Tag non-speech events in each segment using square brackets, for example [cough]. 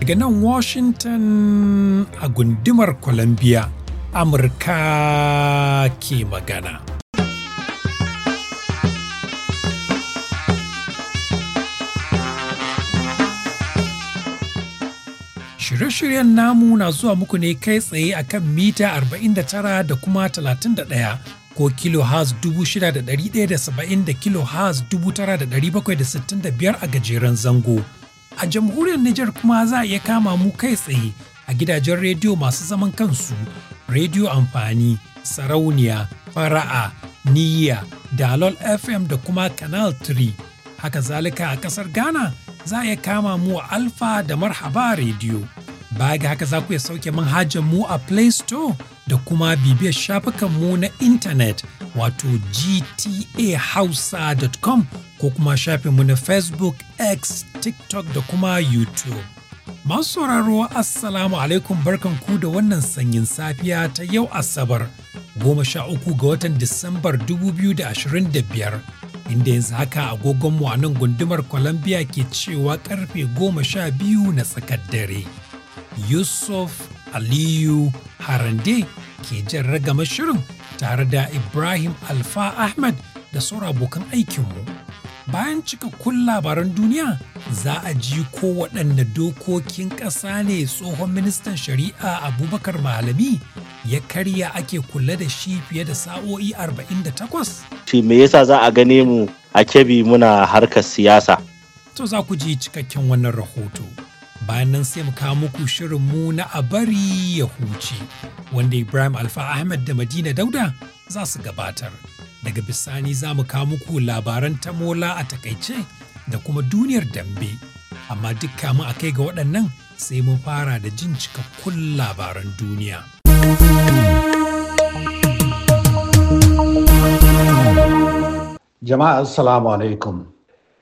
Daga nan Washington a gundumar Columbia, Amurka ke magana. Shirye-shiryen namu na zuwa muku ne kai tsaye akan mita 49 da kuma 31 ko kilohertz 6,170 da kilohertz 9,765 a gajeren zango. A jamhuriyar Nijar kuma za a iya kama mu kai tsaye a gidajen rediyo masu zaman kansu, rediyo amfani, sarauniya, fara'a, niyya, dalol FM da kuma Canal 3. Haka zalika a ƙasar Ghana za a iya kama mu a Alfa da Marhaba rediyo. Baya ga haka za ku iya sauke manhajar mu a Play Store da kuma bibiyar shafukan mu na intanet wato gtahausa.com ko kuma mu na Facebook, X, TikTok da kuma YouTube. Masu sauraro Assalamu alaikum barkanku da wannan sanyin safiya ta yau Asabar goma sha uku ga watan Disambar da da ashirin biyar, inda yanzu haka agogonmu a nan gundumar Columbia ke cewa karfe goma sha biyu na tsakar dare. Yusuf Aliyu Harande ke jan ragama shirin tare da Ibrahim Alfa Ahmad da sauran abokan aikinmu. Bayan cikakkun labaran duniya za a ji ko waɗanda dokokin ƙasa ne tsohon ministan shari'a Abubakar Malami ya karya ake kula da shi fiye da sa'o'i 48. Shi me yasa za a gane mu a kebi muna harkar siyasa? To za ku ji cikakken wannan rahoto. bayan nan sai mu kawo muku shirin mu na a ya huce wanda Ibrahim Alfa Ahmed da Madina Dauda za su gabatar. Daga bisani za mu kawo muku labaran tamola a takaice da kuma duniyar dambe. Amma dukka mu a kai ga waɗannan sai mun fara da jin cikakkun labaran duniya. Jama'a Assalamu alaikum.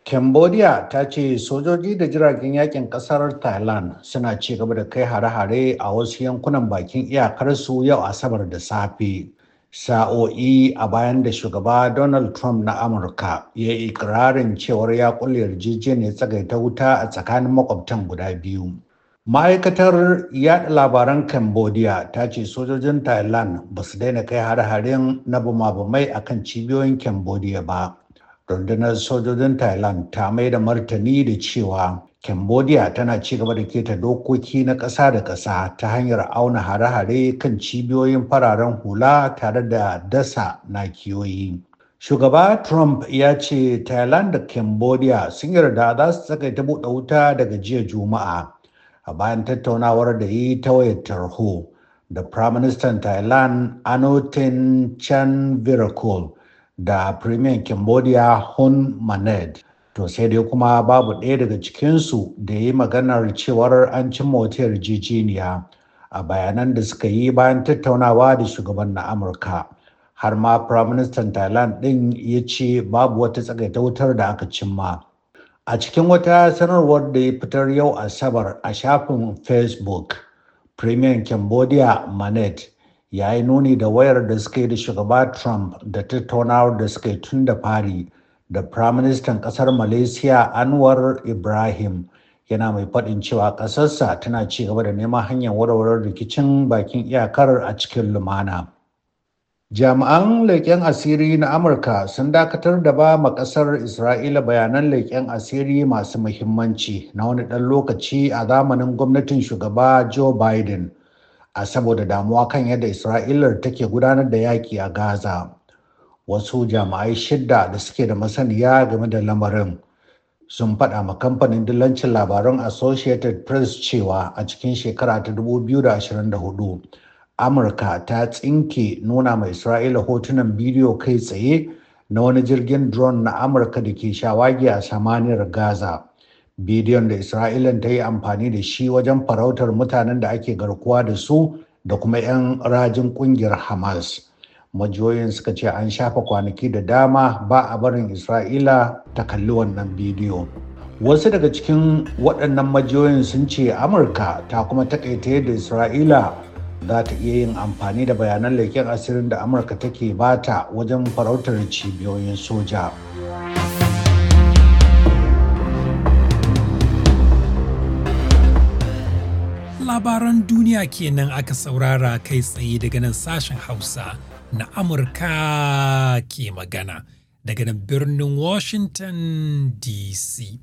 cambodia ta ce sojoji da jiragen yakin kasar thailand suna ci gaba da kai hare-hare a wasu yankunan bakin iyakarsu yau asabar da safe sa'o'i a bayan da shugaba donald trump na amurka ya yi ikirarin cewar ya kulle yarjejeniyar tsagaita wuta a tsakanin makwabtan guda biyu ma'aikatar yaɗa labaran cambodia ta ce sojojin thailand ba su daina kai hare-haren na bama-bamai akan cibiyoyin cambodia ba rundunar sojojin thailand ta mai da martani da cewa cambodia tana ci gaba da keta dokoki na ƙasa da ƙasa ta hanyar auna hare-hare kan cibiyoyin fararen hula tare da dasa nakiyoyi shugaba trump ya ce thailand da cambodia sun yarda za su ta buɗe wuta daga jiya juma'a a bayan tattaunawar da yi ta wayar tarho da prime minister thailand anotin chan virakul da premier cambodia hun manet to sai dai kuma babu ɗaya daga cikinsu da ya yi maganar cewar an cimma wata yarjejeniya a bayanan da suka yi bayan tattaunawa da shugaban na amurka har ma firaministan thailand ɗin ya ce babu wata tsagaita wutar da aka cimma a cikin wata sanarwar da ya fitar yau asabar a shafin facebook premier cambodia manet ya yi nuni da wayar da suka yi da shugaba trump da tattaunawar da suke tun da fari da firaministan ƙasar malaysia anwar ibrahim yana mai faɗin cewa ƙasarsa tana ci gaba da neman hanyar warware rikicin bakin iyakar a cikin lumana jami'an leƙen asiri na amurka sun dakatar da ba ma ƙasar isra'ila bayanan leƙen asiri masu muhimmanci na wani ɗan lokaci a zamanin gwamnatin shugaba joe biden a saboda damuwa kan yadda isra'ila take gudanar da yaƙi a gaza wasu jama'ai shidda da suke da masaniya game da lamarin sun faɗa ma kamfanin dillancin labaran associated press cewa a cikin shekara ta 2024 amurka ta tsinke nuna ma isra'ila hotunan bidiyo kai tsaye na wani jirgin drone na amurka da ke shawagi a samaniyar gaza bidiyon da isra'ilan ta yi amfani da shi wajen farautar mutanen da ake garkuwa da su da kuma 'yan rajin kungiyar hamas majiyoyin suka ce an shafa kwanaki da dama ba a barin isra'ila ta kalli wannan bidiyo wasu daga cikin waɗannan majiyoyin sun ce amurka ta kuma takaita yadda isra'ila za ta iya yin amfani da bayanan leƙen asirin da amurka take bata wajen farautar cibiyoyin soja. labaran duniya kenan aka saurara kai tsaye daga nan sashen Hausa na Amurka ke magana daga nan birnin Washington DC.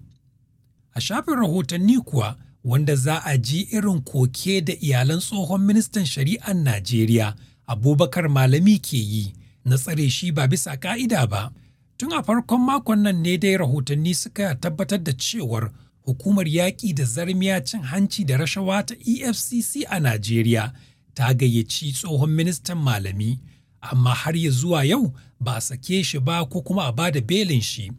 A shafin rahotanni kuwa wanda za a ji irin koke da iyalan tsohon ministan shari'ar Najeriya Abubakar Malami ke yi na tsare shi ba bisa ka'ida ba. Tun a farkon makon nan ne dai rahotanni suka tabbatar da cewar Hukumar yaƙi da zarmiya cin hanci da rashawa ta EFCC a Najeriya ta gayyaci tsohon ministan malami, amma har ya zuwa yau ba a sake shi ba ko kuma a bada belin shi.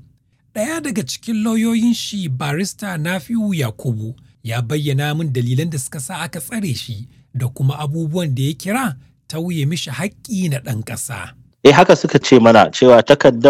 Ɗaya daga cikin lauyoyin shi barista Nafiu Yakubu ya bayyana min dalilan da suka sa aka tsare shi da kuma abubuwan da ya kira tauye mishi haƙƙi na ɗan ƙasa. eh haka suka ce mana cewa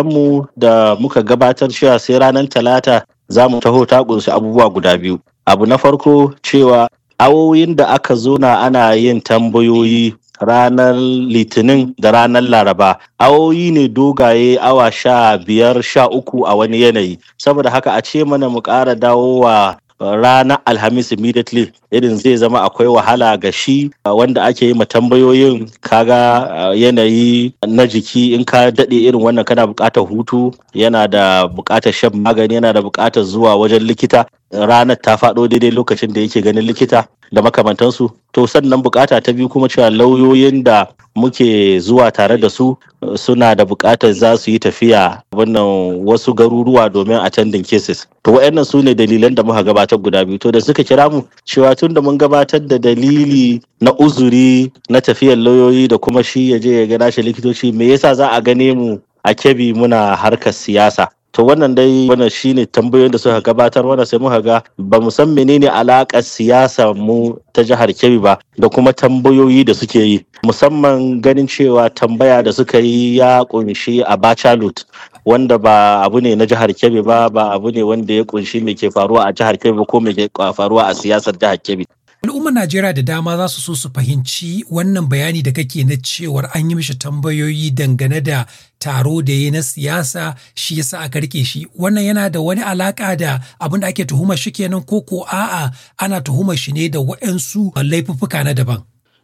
mu da muka gabatar cewa sai ranar talata za mu taho ta kunshi abubuwa guda biyu abu na farko cewa awoyin da aka na ana yin tambayoyi ranar litinin da ranar laraba awoyi ne dogaye awa sha biyar sha uku a wani yanayi saboda haka a ce mana mu ƙara dawowa ranar alhamis immediately irin zai zama akwai wahala ga shi uh, wanda ake yi tambayoyin kaga uh, yanayi na jiki in ka daɗe irin wannan kana buƙatar hutu yana da buƙatar shan magani yana da buƙatar zuwa wajen likita ranar ta faɗo daidai lokacin da yake ganin likita da makamantansu to sannan bukata ta biyu kuma cewa lauyoyin da muke zuwa tare da su eh, suna da bukatar za su yi tafiya wannan wasu garuruwa domin attending cases to waɗannan su ne dalilan da muka gabatar guda biyu to da suka kira mu cewa tun da mun gabatar da dalili na uzuri na tafiyar lauyoyi da kuma shi ya je ya gana shi likitoci me yasa za a gane mu a kebi muna harkar siyasa to wannan dai wannan shine tambayoyin da suka gabatar wannan sai muka ga ba mu san menene alakar siyasa mu ta jihar Kebbi ba da kuma tambayoyi da suke yi musamman ganin cewa tambaya da suka yi ya kunshi a Bachalut wanda ba abu ne na jihar Kebbi ba ba abu ne wanda ya kunshi me ke faruwa a jihar Kebbi ko me ke faruwa a siyasar jihar Kebbi Al'ummar Najeriya da dama za su so su fahimci wannan bayani da kake na cewar an yi mishi tambayoyi dangane da taro da ya na siyasa shi yasa aka rike shi. Wannan yana da wani alaka da abin da ake tuhumar shi kenan ko ko a'a ana tuhumar shi ne da waɗansu laifuffuka na daban.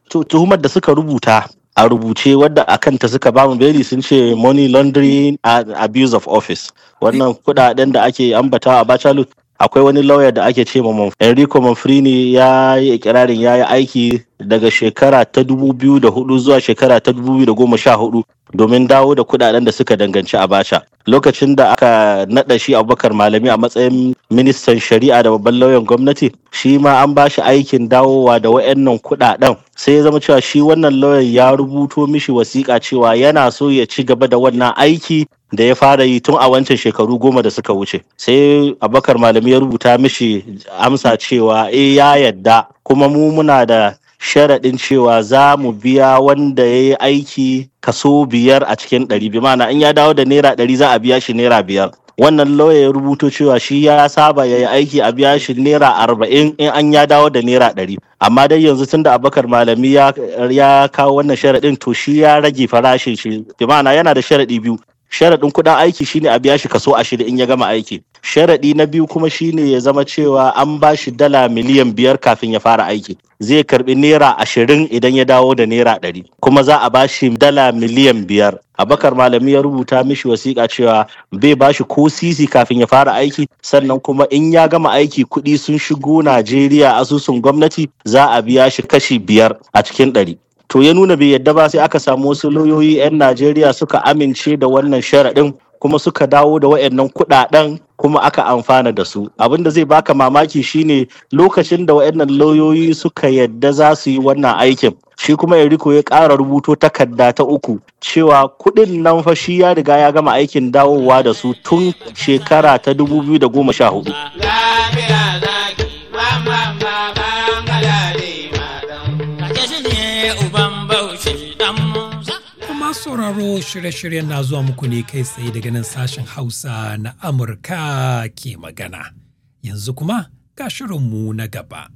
To tuhumar da suka rubuta a rubuce wadda a kanta suka bamu beri sun ce money laundering and abuse of office wannan kudaden da ake ambata a bachelor akwai wani lauya da ake ce ma Enrico Manfrini ya yi ikirarin ya yi aiki daga shekara ta 2004 zuwa shekara ta 2014 domin dawo da kudaden da suka danganci Abacha. Lokacin da aka nada shi Abubakar Malami a matsayin ministan shari'a da babban lauyan gwamnati, shi ma an ba shi aikin dawowa da wayannan kudaden. Sai ya zama cewa shi wannan lauyan ya rubuto mishi wasiƙa cewa yana so ya ci gaba da wannan aiki da ya fara yi tun a wancan shekaru goma da suka wuce sai abakar malami ya rubuta mishi amsa cewa e ya yadda kuma mu muna da sharaɗin cewa za mu biya wanda ya yi aiki kaso biyar a cikin ɗari bi mana in ya dawo da naira ɗari za a biya shi naira biyar wannan lauya ya rubuto cewa shi ya saba ya yi aiki a biya shi naira arba'in in an ya dawo da naira ɗari amma dai yanzu tun da abakar malami ya kawo wannan sharaɗin to shi ya rage farashin shi bi mana yana da sharaɗi biyu sharaɗin kuɗin aiki shine a biya shi kaso ashirin in ya gama aiki sharaɗi na biyu kuma shine ya zama cewa an ba shi dala miliyan biyar kafin ya fara aiki zai karbi naira ashirin idan ya dawo da naira ɗari kuma za a ba shi dala miliyan biyar abakar malami ya rubuta mishi wasiƙa cewa bai ba shi ko sisi kafin ya fara aiki sannan kuma in ya gama aiki kuɗi sun shigo najeriya asusun gwamnati za a biya shi kashi biyar a cikin ɗari to ya nuna bai yadda ba sai aka samu wasu lauyoyi 'yan najeriya suka amince da wannan sharaɗin kuma suka dawo da wayannan kuɗaɗen kuma aka amfana da su abin da zai baka mamaki shine lokacin da wayannan lauyoyi suka yadda za su yi wannan aikin shi kuma Eriko ya ƙara rubuto takarda ta uku cewa kuɗin nan fa shi ya riga ya gama aikin dawowa da su tun shekara ta dubu biyu da goma sha 2014 sauraro shirye-shiryen na zuwa muku ne kai tsaye daga nan sashen Hausa na Amurka ke magana. Yanzu kuma ga shirinmu na gaba.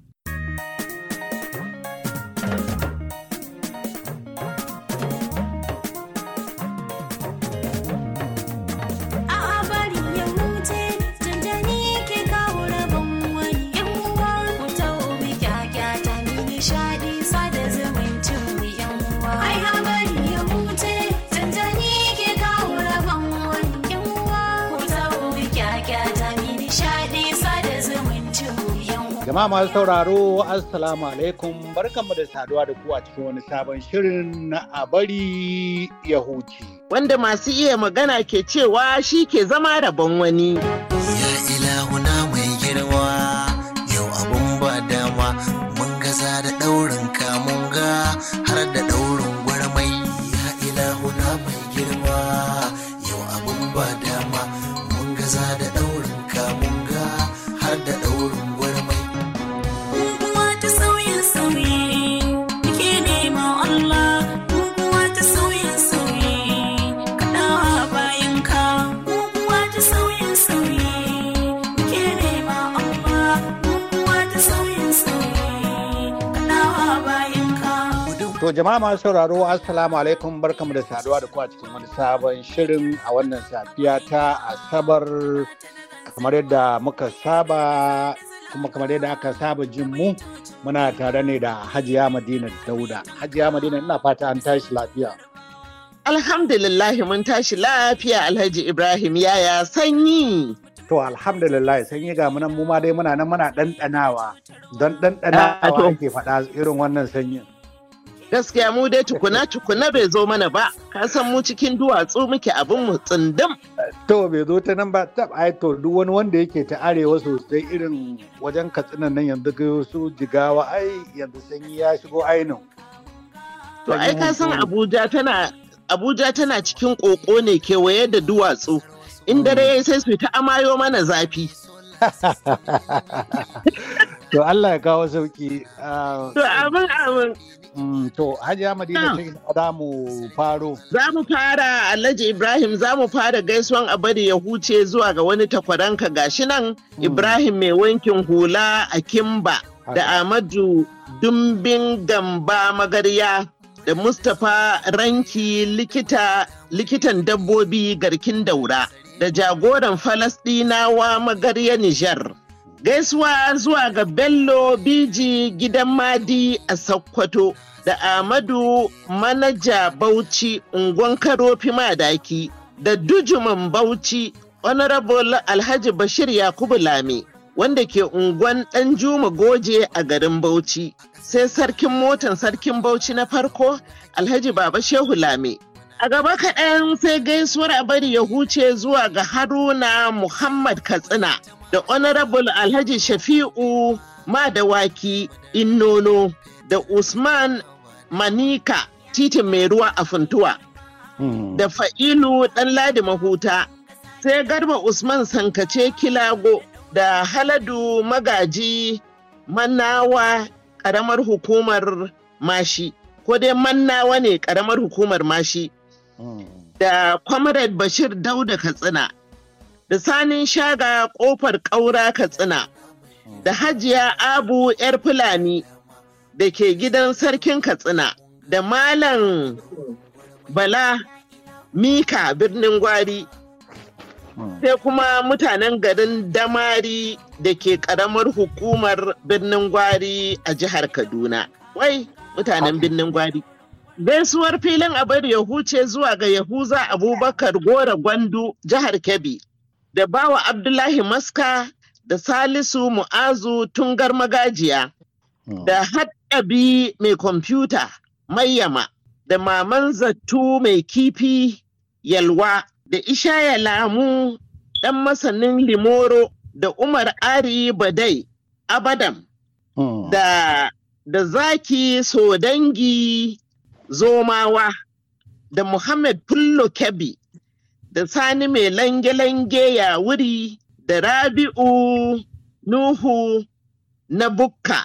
Jama'a masu sauraro, Assalamu alaikum, barkanmu da saduwa da ku a cikin wani sabon shirin na a bari Wanda masu iya magana ke cewa shi ke zama rabon wani. jama'a masu sauraro assalamu alaikum barkamu da saduwa da ku a cikin wani sabon shirin a wannan safiya ta asabar kamar yadda muka saba kuma kamar yadda aka saba jin mu muna tare ne da Hajiya Madina Dauda. Hajiya Madina ina fata an tashi lafiya. Alhamdulillah mun tashi lafiya Alhaji Ibrahim yaya sanyi. To alhamdulillah sanyi ga munan mu ma dai muna nan muna dandanawa don dandanawa ah, ake faɗa irin wannan sanyin. gaskiya mu dai tukuna tukuna bai zo mana ba ka san mu cikin duwatsu muke abin mu tsindim to bai zo ta nan ba tab ai to duk wani wanda yake ta arewa sosai irin wajen Katsina nan yanzu ga su jigawa ai yanzu sanyi ya shigo ainihin to ai ka san abuja tana abuja tana cikin koko ne kewaye da duwatsu in dare sai su ta amayo mana zafi [laughs] to Allah ya kawo sauki. Ah, to amin amin Mm, to, Hajiya Madina ce za mu faro. Za mu fara Alhaji Ibrahim za mu fara gaisuwan a bari ya huce zuwa ga wani takwaranka gashi nan mm. Ibrahim mai wankin hula a Kimba da Amadu Dumbin Gamba Magarya da Mustapha Ranki likita likitan dabbobi garkin daura da jagoran Falasɗinawa Magarya Nijar. Gaisuwa zuwa ga Bello Biji gidan Madi a Sokoto da Ahmadu Manaja Bauchi unguwan Karofi Madaki da Dujuman Bauchi Honorable Alhaji Bashir Yakubu Lami wanda ke unguwan Ɗanjuma Goje a garin Bauchi. Sai sarkin motan sarkin Bauchi na farko Alhaji Baba Shehu Lami. A gaba kaɗan sai gaisuwar a bari ya huce zuwa ga Haruna Muhammad Katsina. da honorable alhaji shafi'u madawaki innono da usman manika titin mai ruwa a funtuwa hmm. da fa'ilu ɗan ladi mahuta sai garba usman sankace kilago da haladu magaji mannawa ƙaramar hukumar mashi ko dai mannawa ne ƙaramar hukumar mashi hmm. da comrade bashir dauda katsina da sanin shaga kofar ƙaura katsina da hajiya abu yar fulani da ke gidan sarkin katsina da malam bala mika birnin gwari sai kuma mutanen garin damari da ke karamar hukumar birnin gwari a jihar kaduna wai mutanen birnin gwari gaisuwar filin abar ya huce zuwa ga yahuza abubakar gora gwandu jihar kebbi da bawa Abdullahi Maska da Salisu Mu'azu Tungar Magajiya hmm. da Haddabi mai kwamfuta Mayyama da Maman Zattu mai kifi Yalwa da Ishaya Lamu ɗan masanin Limoro da Umar Ari Badai Abadam hmm. da da Zaki Sodangi Zomawa da Muhammad Fullo Kebbi da sani mai lange-lange ya wuri da rabi'u nuhu na bukka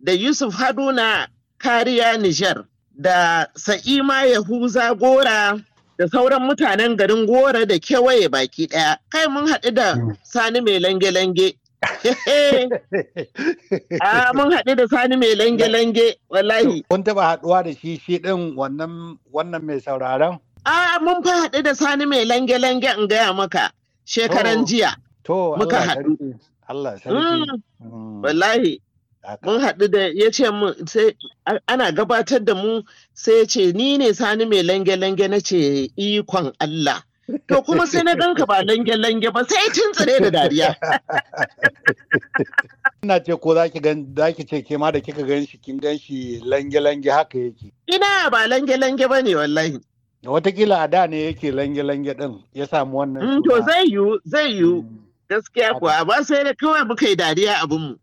da yusuf haruna kariya nijar da sa'ima yahuza gora da sauran mutanen garin gora da kewaye baki daya kai mun haɗu da mm. sani mai lange-lange a [laughs] [laughs] ah, mun haɗu da sani mai lange-lange wallahi kun taɓa haɗuwa da shi shi ɗin wannan mai sauraron A mun fi haɗu da sani mai lange-lange in gaya maka shekaran oh. jiya. To, muka haɗu. Allah sarki. Mm. Mm. Wallahi. Mun haɗu da ya ce mun sai ana gabatar da mu sai ya ce ni ne sani mai lange-lange na ce ikon Allah. To kuma sai na ganka ba lange-lange ba sai tun tsire da dariya. [laughs] Ina ce ko za ki ce ke ma da kika gan shi kin gan shi lange-lange haka yake. Ina ba lange-lange ba ne wallahi. watakila a da ne yake lange-lange din ya samu wannan mm, to zai yiwu zai yiwu mm. gaskiya kuwa amma sai da kawai muka yi dariya abinmu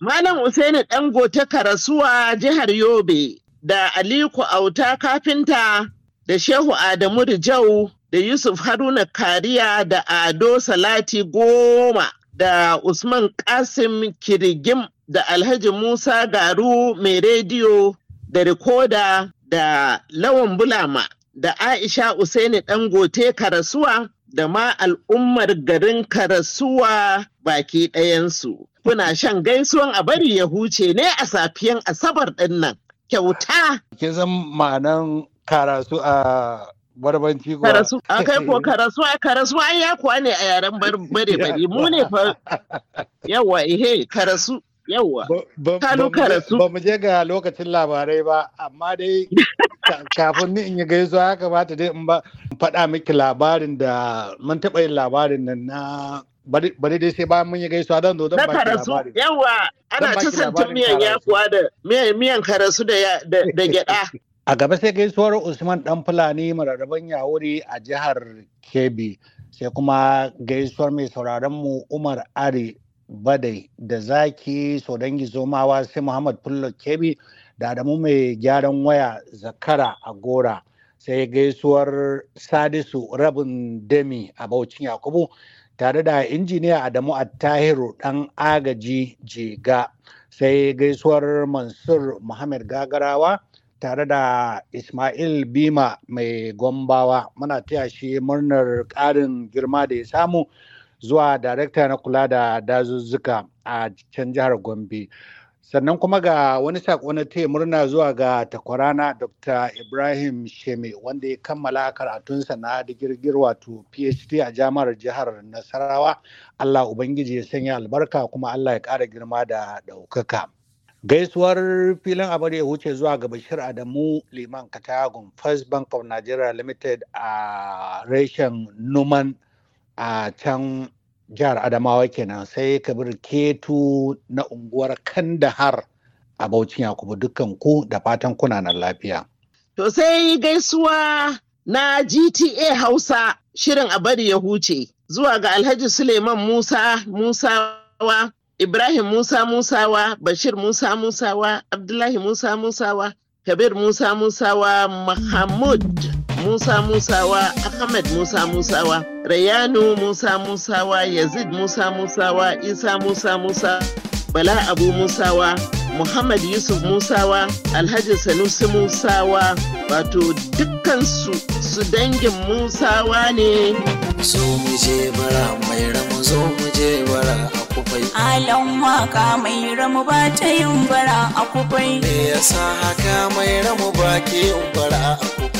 malam usaini dangote karasuwa jihar yobe da aliko auta kafinta da shehu adamu rijau da yusuf haruna kariya da ado salati goma da usman kasim kirigim da alhaji musa garu mai rediyo da rikoda da lawan bulama da Aisha Usaini Dangote Karasuwa da ma al'ummar garin Karasuwa baki ɗayansu. Kuna shan gaisuwan a bari ya huce ne a safiyan Asabar ɗin nan. Kyauta. Ke zan ma'anan karasu a barbanci kuwa. Karasu, a kai ko [laughs] karasu karasu an ya kuwa ne a yaren bare bare mu ne fa [laughs] yawa ihe karasu. yawwa kano karatu ba mu je ga lokacin labarai ba amma dai kafin ni in yi gaisuwa ya kamata dai in ba faɗa miki labarin da mun taɓa yin labarin nan na bari dai sai ba mun yi gaisuwa don zo don baki labarin. Yawwa ana ci santin miyan yakuwa da miyan karasu da gyaɗa. [laughs] A gaba sai gaisuwar Usman Dan Fulani mararraban yawuri a jihar Kebbi sai kuma gaisuwar mai sauraron mu Umar Ari badai da zaki sodangi zomawa sai muhammad fullo kebi da adamu mai gyaran waya zakara a gora sai gaisuwar sadisu rabin demi a baucin yakubu tare da injiniya adamu a Tahiru dan agaji jega sai gaisuwar mansur muhammad gagarawa tare da Ismail Bima mai gombawa muna taya shi murnar ƙarin girma da ya samu zuwa darakta na kula da dazuzzuka a can jihar Gombe. Sannan kuma ga wani saƙo na taya murna zuwa ga takwarana Dr. Ibrahim Sheme wanda ya kammala karatunsa na digirgir wato PhD a jami'ar jihar Nasarawa. Allah Ubangiji ya sanya albarka kuma Allah ya ƙara girma da ɗaukaka. gaisuwar filin abar ya wuce zuwa ga bashir adamu liman katagun first bank of nigeria limited a reshen numan a can jihar adamawa kenan sai kabir ketu na unguwar kandahar a baucin yakubu dukkan ku da fatan kuna nan lafiya to sai gaisuwa na gta hausa shirin a bari ya huce zuwa ga alhaji suleiman musa musawa ibrahim musa musawa bashir musa musawa abdullahi musa musawa kabir musa musawa mahmud Musa Musawa, Ahmad Musa Musawa, Rayanu Musa Musawa, Yazid Musa Musawa, Isa Musa Musa, Bala Abu Musawa, Muhammad Yusuf Musawa, Alhaji Sanusi Musawa, wato dukkansu su dangin Musawa ne. So mu je bara mai ramu zo mu je bara a kufai. Alan waka mai ramu ba ta yin bara a kufai. Me yasa haka mai ramu ba ke yin bara a kufai.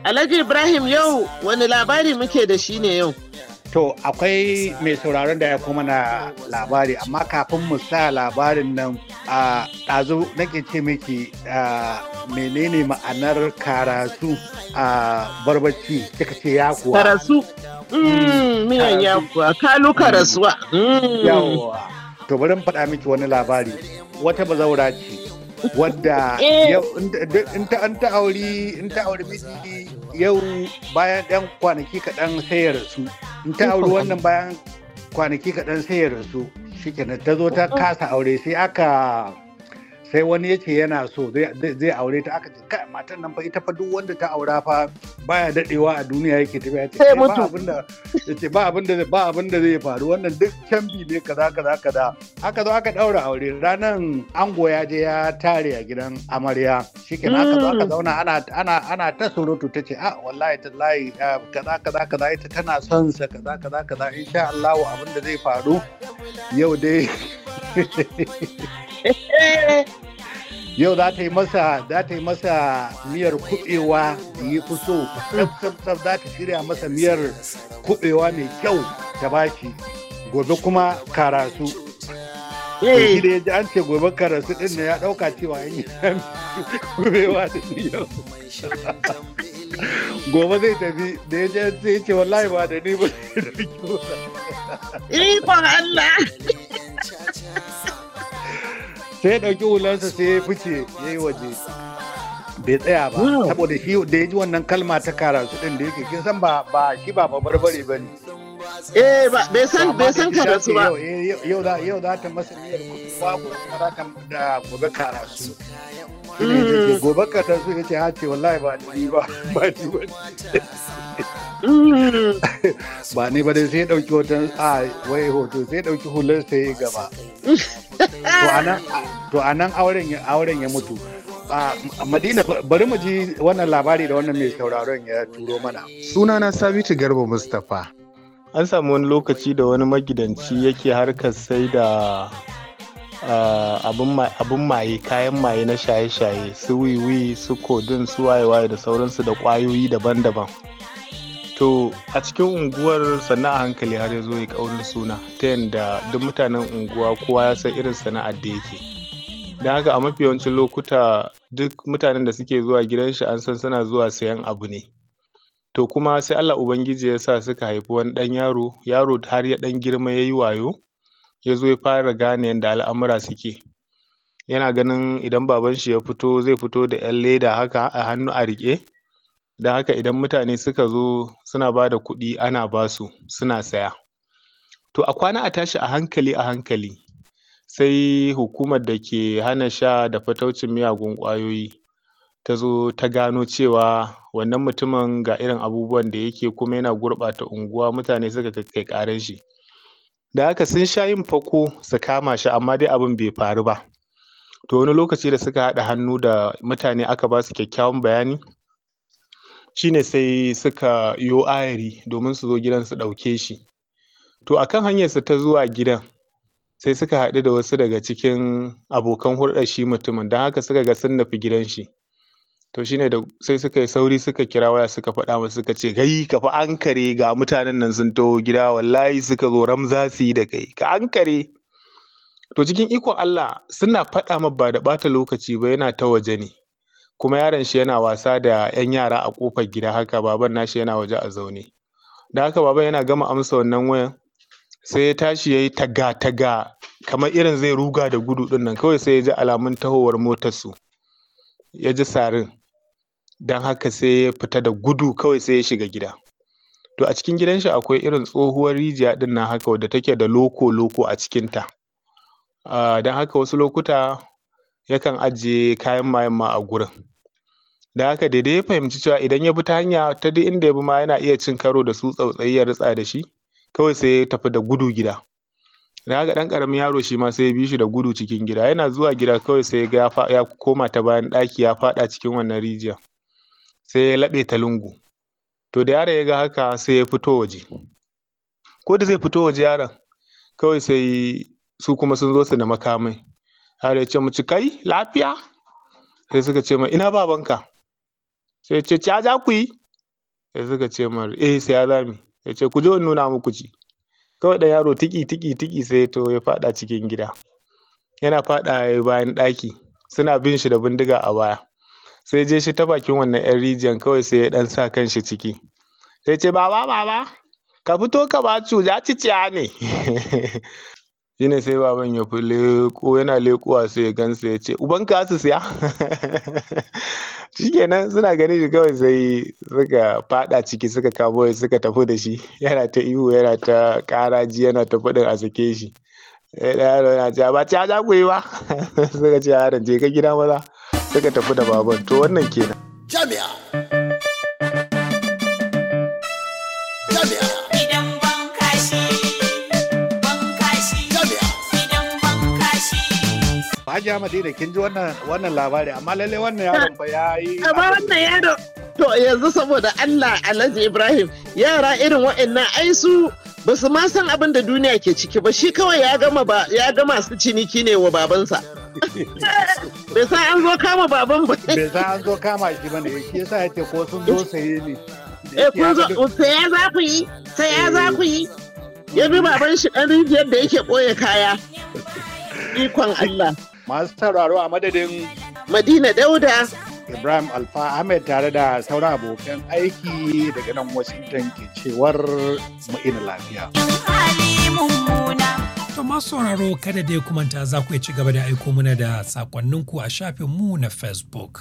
Alhaji Ibrahim yau wani labari muke da shi ne yau. To akwai mai sauraron da ya kuma na labari amma kafin mu sa labarin nan a ɗazu nake ce miki menene ma'anar karasu a barbaci kika ce ya kuwa. Karasu? Mm, mm, miyan ya kuwa, kalu karasuwa. Mm. Yawwa. To bari faɗa miki wani labari. Wata bazaura ce wadda eh. yau in ta auri in miji yau bayan ɗan kwanaki kaɗan sai ya rasu in ta auri wannan bayan kwanaki kaɗan sai ya rasu shikenan ta zo ta oh. kasa aure sai aka sai wani yake yana so zai aure ta aka ce kai matan nan fa ita fa duk wanda ta aura fa baya dadewa a duniya yake tafiya ce sai eh, mutu abinda yace ba abinda ba abinda zai faru wannan duk canbi ne kaza kaza kaza aka zo aka daura aure ranan ango ya je ya tare a gidan amarya shikenan aka zo aka mm. zauna ana ana ana ta surutu ta ce ah wallahi tallahi eh, kaza kaza kaza ita tana son sa kaza kaza kaza insha Allah abinda zai faru yau dai [laughs] [laughs] yau za ta yi masa za ta yi masa miyar kubewa da ya fi so tsaf za ta shirya masa miyar kubewa mai kyau ta bashi gobe kuma karasu shi da ya ji an ce gobe karasu din na ya ɗauka cewa yin yi kubewa da yau [laughs] gobe zai tafi da ya ce, zai ce wallahi ba da ni ba zai [laughs] da kyau ikon Allah sai ɗauki hularsa sai ya fice ya yi waje bai tsaya ba saboda shi da ya ji wannan kalma ta karatu din da yake kin san ba ba shi ba babarbare ba ne eh ba bai san bai san karatu ba yau da eh, yau da ta masa niyyar kuma kuma za ta da gobe karatu mm. gobe karatu ya ce ha ce wallahi ba ni ba ba ni ba [laughs] [laughs] ba ne ba dai sai dauki hoton a wai hoto sai dauki hular sai ya gaba to anan auren auren ya mutu madina bari mu ji wannan labari da wannan mai sauraron ya turo mana na sabitu garba mustapha an samu wani lokaci da wani magidanci yake harkar sai da abin maye kayan maye na shaye-shaye su wiwi su kodin su waye-waye da sauransu da kwayoyi daban-daban to a cikin unguwar sana'a hankali har ya zo ya kaurin suna ta yadda duk mutanen unguwa kowa ya san irin sana'ar da yake don haka a mafi yawancin lokuta duk mutanen da suke zuwa gidan shi an san suna zuwa sayan abu ne to kuma sai allah ubangiji ya sa suka haifi wani ɗan yaro yaro har ya ɗan girma ya yi wayo ya zo ya fara gane yadda al'amura suke yana ganin idan baban shi ya fito zai fito da 'yan leda haka a hannu a riƙe Da haka idan mutane suka zo suna ba da kuɗi ana ba su suna saya to a kwana a tashi a hankali a hankali sai hukumar da ke hana sha da fataucin miyagun ƙwayoyi ta zo ta gano cewa wannan mutumin ga irin abubuwan da yake kuma yana gurɓata unguwa mutane suka kai ƙarin shi da haka sun sha yin fako su kama shi amma dai abin bai faru ba to wani lokaci da suka haɗa hannu da mutane aka ba su kyakkyawan bayani shine sai suka yo ayari domin su zo gidan su ɗauke shi to akan su ta zuwa gidan sai suka haɗu da wasu daga cikin abokan hulɗar shi mutumin don haka suka ga sun nufi gidan shi to shine da sai suka yi sauri suka kira waya suka faɗa masa suka ce gai ka fa an kare ga mutanen nan sun taho gida wallahi suka zo ramza su yi da kai ka an kare to cikin ikon Allah suna faɗa ma ba da ɓata lokaci ba yana ta waje ne kuma yaron shi yana wasa da 'yan yara a kofar gida haka baban nashi yana waje a zaune da haka baban yana gama amsa wannan wayan sai ya tashi ya yi taga-taga kamar irin zai ruga da gudu din nan kawai sai ya ji alamun tahowar motar su ya ji sarin don haka sai ya fita da gudu kawai sai ya shiga gida to a cikin gidan shi akwai irin tsohuwar rijiya din nan haka wadda take da loko-loko a cikinta ah, don haka wasu lokuta yakan ajiye kayan mayen ma a gurin da haka daidai ya fahimci cewa idan ya bi ta hanya ta duk inda ya bi ma yana iya cin karo da su tsautsayi ya ritsa da shi kawai sai ya tafi da gudu gida da haka dan karamin yaro shi ma sai ya bi shi da gudu cikin gida yana zuwa gida kawai sai ya ya koma ta bayan ɗaki ya fada cikin wannan rijiya sai ya laɓe ta lungu to da yaron ya ga haka sai ya fito waje ko da zai fito waje yaron kawai sai su kuma sun zo su da makamai har ya ce mu kai lafiya sai suka ce mai ina babanka sai ya ce ci za ku yi sai suka ce ma, eh sai ya zami ya ce ku je in nuna muku ci kawai da yaro tiki tiki tiki sai to ya fada cikin gida yana fada bayan daki suna bin shi da bindiga a baya sai je shi ta bakin wannan yan rijiyan kawai sai ya dan sa kanshi ciki sai ce baba baba ka fito ka ba cuja ciciya ne [laughs] shine sai baban ya fi leko yana lekowa sai ya gansa ya ce uban ka su siya [laughs] shikenan suna gani shi kawai sai suka fada ciki suka kamo suka tafi da shi yana ta ihu yana ta karaji yana ta faɗin a sake shi da yana ba ca za ku yi ba [laughs] suka ce je ka gida maza suka tafi da baban to wannan kenan Hajiya Madina kin ji wannan labari amma lalle wannan yaron ba ya yi. Amma wannan yaro to yanzu saboda Allah Alhaji Ibrahim yara irin waɗannan ai su ba su ma san abin da duniya ke ciki ba shi kawai ya gama ba ya gama su ciniki ne wa babansa. [laughs] Bai san an zo kama baban ba. Bai san an zo kama shi ba ne shi yasa yace ko sun zo saye ne. Eh kun zo sai ya za ku yi sai ya za ku yi. Ya bi baban shi ɗan rijiyar da yake ɓoye kaya. [laughs] Ikon Allah. masu sauraro a madadin Madina Dauda Ibrahim Alfa Ahmed tare da sauran abokan aiki daga nan Washington ke cewar ma'ina lafiya. To masu sauraro kada dai kumanta za ku ci gaba da aiko mana da sakonninku a shafin mu na Facebook.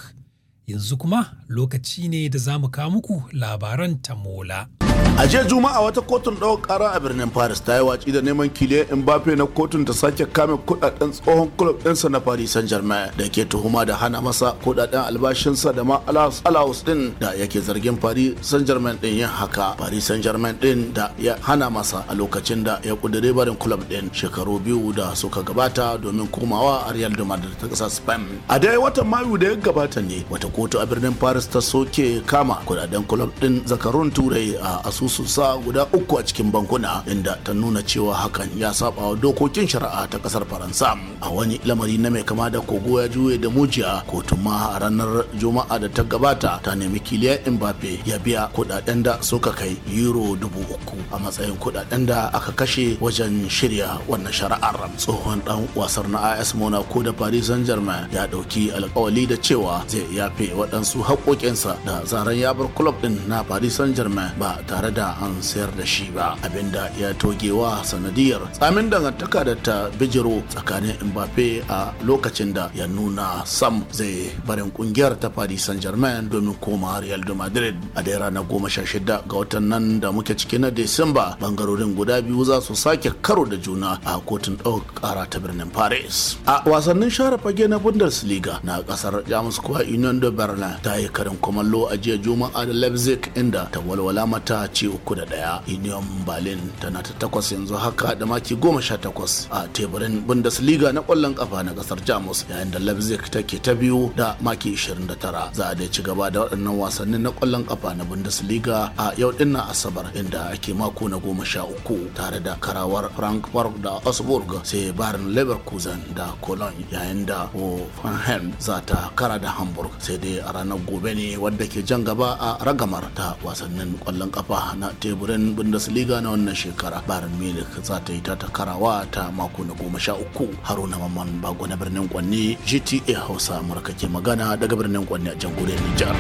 Yanzu kuma lokaci ne da za mu kawo muku labaran tamola. mola. a jiya juma'a wata kotun ɗaukar ƙara a birnin paris ta yi watsi da neman kiliyan mbappe na kotun ta sake kame kudaden tsohon club ɗinsa na paris saint germain da ke tuhuma da hana masa kudaden albashinsa da ma alaus din da yake zargin paris saint germain din yin haka paris saint germain din da ya hana masa a lokacin da ya kudure barin club din shekaru biyu da suka gabata domin komawa a real madrid ta ƙasar spain a dai watan mayu da ya gabata ne wata kotu a birnin paris ta soke kama kudaden club din zakarun turai a asusunsa guda uku a cikin bankuna inda ta nuna cewa hakan ya saba wa dokokin shari'a ta kasar faransa a wani lamari na mai kama da kogo ya juye da mujiya kotun ma a ranar juma'a da ta gabata ta nemi kiliyan mbappe ya biya kudaden da suka kai euro dubu uku a matsayin kudaden da aka kashe wajen shirya wannan shari'ar tsohon dan wasar na as monaco da paris saint germain ya dauki alkawali da cewa zai yafe waɗansu haƙoƙinsa da zaren ya bar club din na paris saint germain ba ta tare da an sayar da shi ba abinda ya togewa sanadiyar tsamin dangantaka da ta bijiro tsakanin mbappe a lokacin da ya nuna sam zai barin kungiyar ta paris saint germain domin koma real de madrid a dai ranar goma sha shida ga watan nan da muke ciki na disamba bangarorin guda biyu za su sake karo da juna a kotun ɗaukar kara ta birnin paris a wasannin share fage na bundesliga na kasar jamus kuwa union de berlin ta yi karin kumallo a jiya juma'a da leipzig inda ta walwala mata ci uku da ɗaya union berlin tana ta takwas yanzu haka da maki goma sha takwas a teburin bundesliga na kwallon kafa na ƙasar jamus yayin da leipzig take ta biyu da maki 29 za a dai ci gaba da waɗannan wasannin na kwallon kafa na bundesliga a yau din na asabar inda ake mako na goma sha uku tare da karawar frankfurt da osburg sai bayern leverkusen da cologne yayin da hoffenheim za ta kara da hamburg sai dai a ranar gobe ne wadda ke jan gaba a ragamar ta wasannin kwallon kafa. na teburin bundesliga na wannan shekara bayern munich za ta yi ta takarawa ta mako na goma sha uku haruna mamman bago na birnin kwanne gta hausa amurka ke magana daga birnin kwanne a jamhuriyar nijar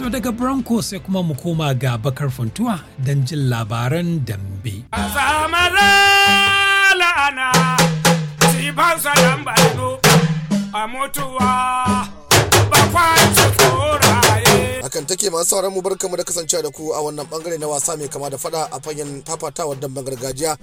To daga Bronco sai kuma mu koma ga bakar funtuwa don jin labaran dambe. mutuwa. hakan masu sauran mu barkamu da kasance da ku a wannan bangare na wasa mai kama da fada a fanyen fafatawar damben gargajiya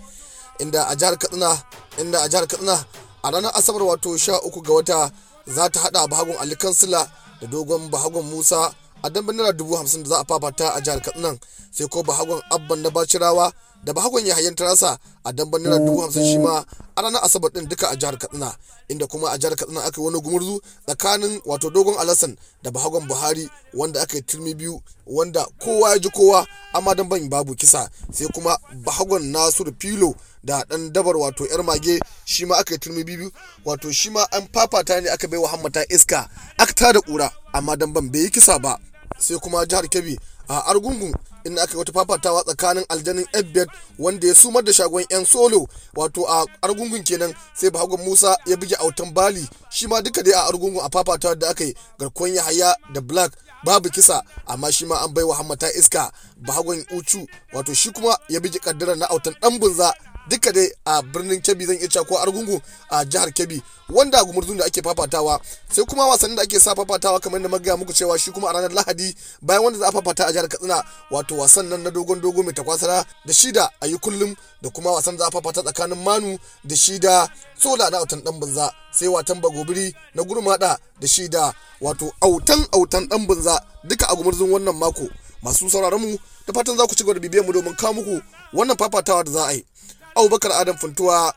inda a jihar Katsina inda a jihar Katsina a ranar Asabar wato sha uku ga wata za ta hada bahagun Ali Kansila da dogon bahagun Musa a damben naira dubu hamsin da za a fafata a jihar Katsina sai ko bahagun Abban na Bacirawa da bahagon ya hayyar tarasa a damban naira dubu hamsin shi ma a ranar asabar din duka a jihar katsina inda kuma a jihar katsina aka yi wani gumurzu tsakanin wato dogon alasan da bahagon buhari wanda aka yi turmi biyu wanda kowa ya ji kowa amma damban babu kisa sai kuma bahagon nasiru filo da dan dabar wato yar mage shi ma aka yi turmi biyu wato shi ma an fafata ne aka bai wa hammata iska aka da kura amma damban bai yi kisa ba sai kuma jihar kebbi a argungun inda aka yi wata fafatawa tsakanin aljanin ebbet wanda ya sumar da shagon yan solo wato a argungun kenan sai bahagon musa ya buge autan bali shi ma duka dai a argungun a fafatawa da aka yi garkon yahaya da black babu kisa amma shi ma an baiwa hammata iska bahagon ucu wato shi kuma ya buge kaddara na autan dan bunza duka dai a birnin kebbi zan iya ko argungu a jihar kebbi wanda gumurzun da ake fafatawa sai kuma wasannin da ake sa fafatawa kamar da magaya muku cewa shi kuma a ranar lahadi bayan wanda za a fafata a jihar katsina wato wasan nan na dogon dogo mai takwasara da shida a yi kullum da kuma wasan za a fafata tsakanin manu da shida sola na autan dan banza sai watan bagobiri na gurmada da shida wato autan autan dan banza duka a gumurzun wannan mako masu sauraron mu da fatan za ku ci gaba da bibiyar mu domin kawo muku wannan fafatawa da za a yi Abubakar Adam Funtuwa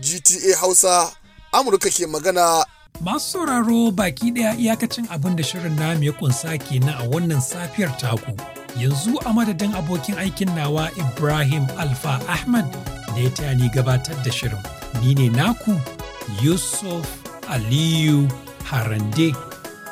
GTA Hausa Amurka ke magana Masu sauraro baki ɗaya iyakacin abin da shirin namu ya kunsa na a wannan safiyar taku. Yanzu a madadin abokin aikin nawa Ibrahim Alfa Ahmad da ya taya gabatar da shirin. Ni ne naku Yusuf Aliyu Harande